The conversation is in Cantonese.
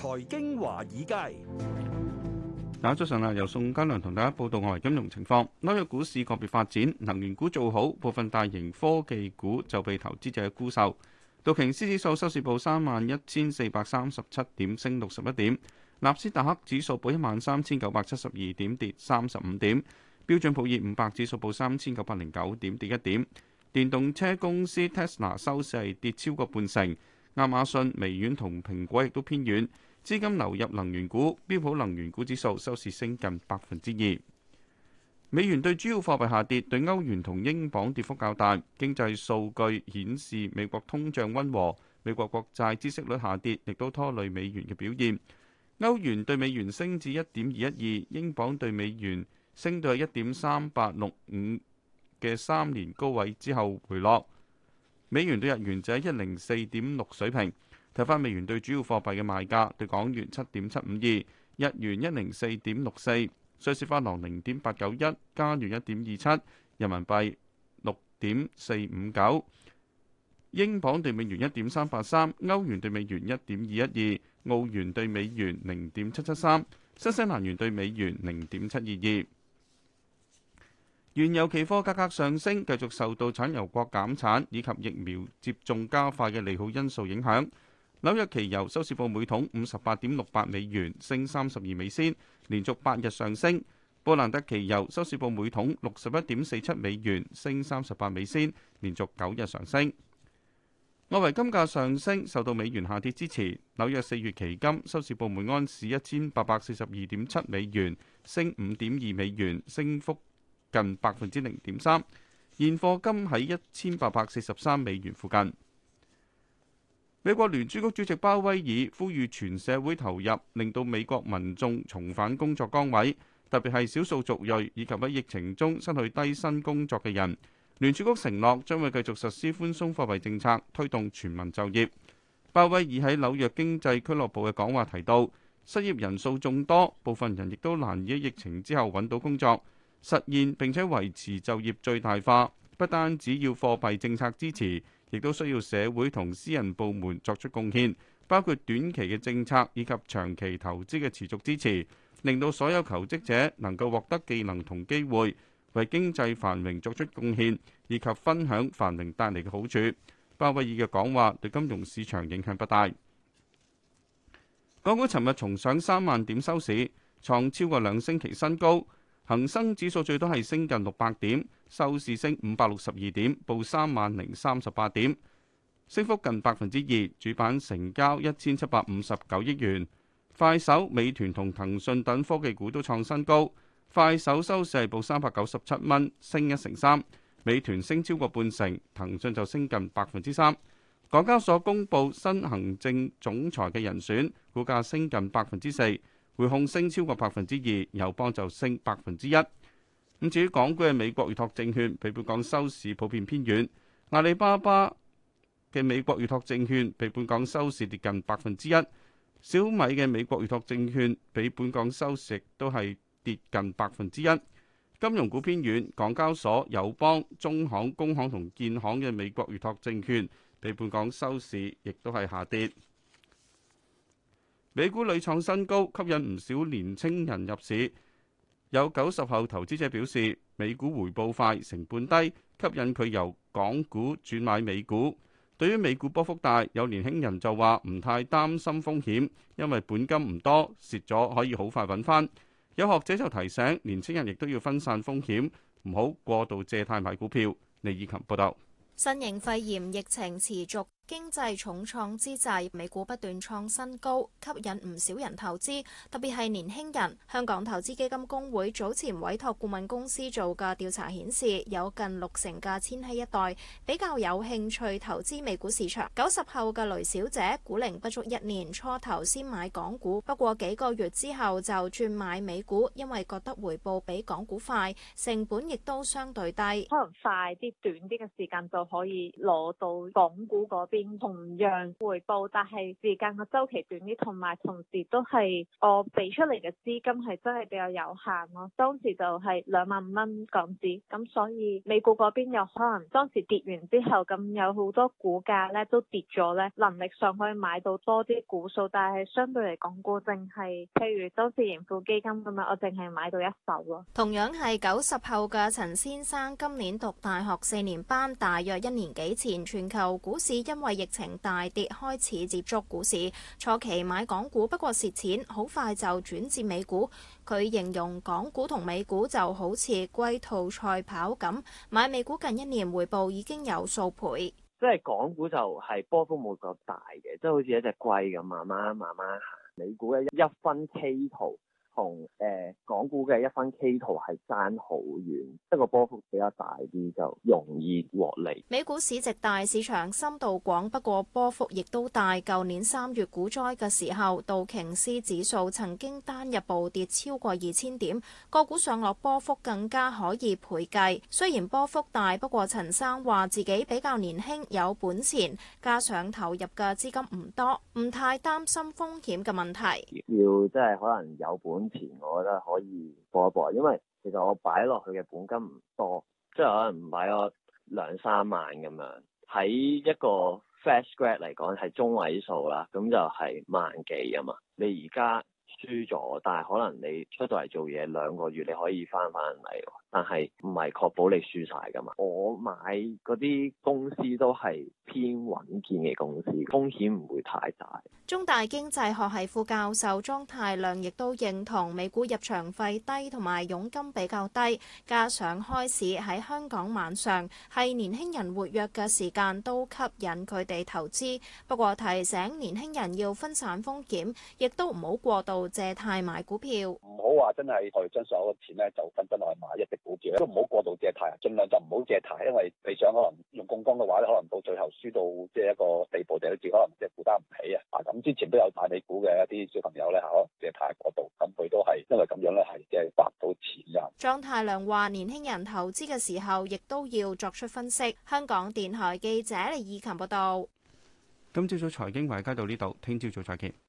財經華爾街，早晨啦。由宋嘉良同大家報道外圍金融情況。紐約股市個別發展，能源股做好，部分大型科技股就被投資者沽售。道瓊斯指數收市報三萬一千四百三十七點，升六十一點。納斯達克指數報一萬三千九百七十二點，跌三十五點。標準普爾五百指數報三千九百零九點，跌一點。電動車公司 Tesla 收市跌超過半成。亞馬遜、微軟同蘋果亦都偏軟。資金流入能源股，標普能源股指數收市升近百分之二。美元對主要貨幣下跌，對歐元同英鎊跌幅較大。經濟數據顯示美國通脹温和，美國國債孳息率下跌，亦都拖累美元嘅表現。歐元對美元升至一點二一二，英鎊對美元升到一點三八六五嘅三年高位之後回落。美元對日元就喺一零四點六水平。睇翻美元對主要貨幣嘅賣價，對港元七點七五二，日元一零四點六四，瑞士法郎零點八九一，加元一點二七，人民幣六點四五九，英鎊對美元一點三八三，歐元對美元一點二一二，澳元對美元零點七七三，新西蘭元對美元零點七二二。原油期貨價格上升，繼續受到產油國減產以及疫苗接種加快嘅利好因素影響。紐約期油收市報每桶五十八點六八美元，升三十二美仙，連續八日上升。布蘭德期油收市報每桶六十一點四七美元，升三十八美仙，連續九日上升。外圍金價上升，受到美元下跌支持。紐約四月期金收市報每安士一千八百四十二點七美元，升五點二美元，升幅近百分之零點三。現貨金喺一千八百四十三美元附近。美國聯儲局主席鮑威爾呼籲全社會投入，令到美國民眾重返工作崗位，特別係少數族裔以及喺疫情中失去低薪工作嘅人。聯儲局承諾將會繼續實施寬鬆貨幣政策，推動全民就業。鮑威爾喺紐約經濟俱樂部嘅講話提到，失業人數眾多，部分人亦都難以喺疫情之後搵到工作，實現並且維持就業最大化，不單只要貨幣政策支持。亦都需要社會同私人部門作出貢獻，包括短期嘅政策以及長期投資嘅持續支持，令到所有求職者能夠獲得技能同機會，為經濟繁榮作出貢獻，以及分享繁榮帶嚟嘅好處。鮑威爾嘅講話對金融市場影響不大。港股尋日重上三萬點收市，創超過兩星期新高。恒生指數最多係升近六百點，收市升五百六十二點，報三萬零三十八點，升幅近百分之二。主板成交一千七百五十九億元。快手、美團同騰訊等科技股都創新高。快手收市係報三百九十七蚊，升一成三。美團升超過半成，騰訊就升近百分之三。港交所公布新行政總裁嘅人選，股價升近百分之四。匯控升超過百分之二，友邦就升百分之一。咁至於港股嘅美國預託證券，比本港收市普遍偏軟。阿里巴巴嘅美國預託證券比本港收市跌近百分之一，小米嘅美國預託證券比本港收市都係跌近百分之一。金融股偏軟，港交所、友邦、中行、工行同建行嘅美國預託證券比本港收市亦都係下跌。美股屢創新高，吸引唔少年青人入市。有九十後投資者表示，美股回報快、成本低，吸引佢由港股轉買美股。對於美股波幅大，有年輕人就話唔太擔心風險，因為本金唔多，蝕咗可以好快搵翻。有學者就提醒，年青人亦都要分散風險，唔好過度借貸買股票。李以琴報道。新型肺炎疫情持續。經濟重創之際，美股不斷創新高，吸引唔少人投資，特別係年輕人。香港投資基金公會早前委託顧問公司做嘅調查顯示，有近六成嘅千禧一代，比較有興趣投資美股市場。九十後嘅雷小姐，股齡不足一年初頭先買港股，不過幾個月之後就轉買美股，因為覺得回報比港股快，成本亦都相對低。可能快啲，短啲嘅時間就可以攞到港股嗰邊。同樣回報，但係時間嘅周期短啲，同埋同時都係我俾出嚟嘅資金係真係比較有限咯。當時就係兩萬蚊港紙，咁所以美股嗰邊又可能當時跌完之後，咁有好多股價咧都跌咗咧，能力上可以買到多啲股數，但係相對嚟講，港股淨係，譬如當時盈富基金咁樣，我淨係買到一手咯。同樣係九十後嘅陳先生，今年讀大學四年班，大約一年幾前，全球股市因為疫情大跌，開始接觸股市，初期買港股不過蝕錢，好快就轉至美股。佢形容港股同美股就好似龜兔賽跑咁，買美股近一年回報已經有數倍。即係港股就係波幅冇咁大嘅，即係好似一隻龜咁，慢慢慢慢行。美股一分期圖。同誒、呃、港股嘅一番 K 圖係爭好遠，一個波幅比較大啲就容易獲利。美股市值大，市場深度廣，不過波幅亦都大。舊年三月股災嘅時候，道瓊斯指數曾經單日暴跌超過二千點，個股上落波幅更加可以倍計。雖然波幅大，不過陳生話自己比較年輕，有本錢，加上投入嘅資金唔多，唔太擔心風險嘅問題。要即係可能有本。前我覺得可以搏一搏，因為其實我擺落去嘅本金唔多，即係可能唔擺個兩三萬咁樣。喺一個 fast grade 嚟講，係中位數啦，咁就係萬幾啊嘛，你而家。輸咗，但係可能你出到嚟做嘢兩個月，你可以翻翻嚟，但係唔係確保你輸晒噶嘛。我買嗰啲公司都係偏穩健嘅公司，風險唔會太大。中大經濟學系副教授莊太亮亦都認同，美股入場費低同埋佣金比較低，加上開市喺香港晚上係年輕人活躍嘅時間，都吸引佢哋投資。不過提醒年輕人要分散風險，亦都唔好過度借貸買股票，唔好話真係去將所有嘅錢咧就分分去買一啲股票咧，都唔好過度借貸，盡量就唔好借貸，因為你想可能用槓桿嘅話咧，可能到最後輸到即係一個地步，第一次可能即係負擔唔起啊！咁之前都有大美股嘅一啲小朋友咧，嗬借貸過度，咁佢都係因為咁樣咧，係即係白到錢嘅。張太良話：年輕人投資嘅時候，亦都要作出分析。香港電台記者李以琴報道。今朝早財經華爾街到呢度，聽朝早再見。